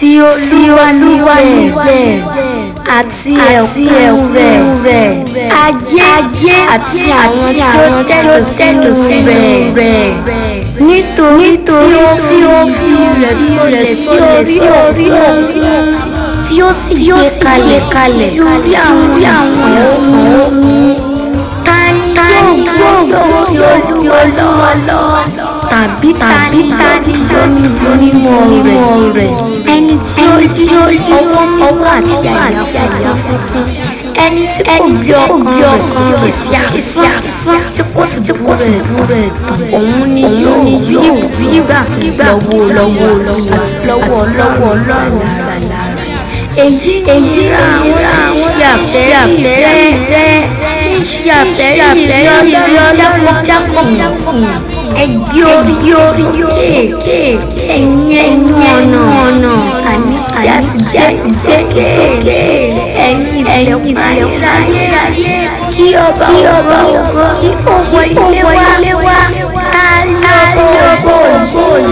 tí ó lúwa níbẹ̀ àti ẹ̀kún rẹ̀ ayé àti àwọn tí ó tẹ̀dọ̀ sínú rẹ̀ nítorí tí ó fi rẹ̀ sọlẹ̀ sí orí òkun tí ó sì gbé kalẹ̀ kalẹ̀ sí orí àwọn ọ̀sán omi ta ni yóò gbọ́ kí olúwa lọ́wọ́ tàbí tàbí tàbí lọ́nà mímọ́ rẹ̀ ẹni tí ó tí ó tí ọwọ́ ọwọ́ àti àyà funfun ẹni tí kò gbé ọkàn rẹ̀ sí àfíà tí kò sì bú rẹ̀ bú rẹ̀ òun ni yóò yígbà lọ́wọ́ lọ́wọ́ àti lọ́wọ́ lọ́wọ́ lọ́wọ́ èyí èyí àwọn tí ń ṣe àfẹ́rẹ́ rẹ̀ tí ń ṣe àfẹ́rẹ́ rẹ̀ yọ̀yọ̀ jápọ̀ jápọ̀ ẹgbẹ́ orí yóò sókè ẹ̀yìn. No, no, no, ẹnu ọ̀nà àní àní sókè sókè ẹ̀yìn ìfẹ̀kùn ayérayé kí ọba ògo kí ògo ilé wa alóbó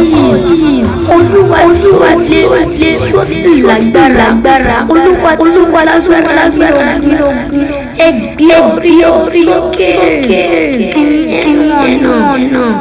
yìí olúwa tí wà tí ó ti tó sì lágbára olúwa tí ó lágbára bí ogun ẹgbẹ́ orí sókè.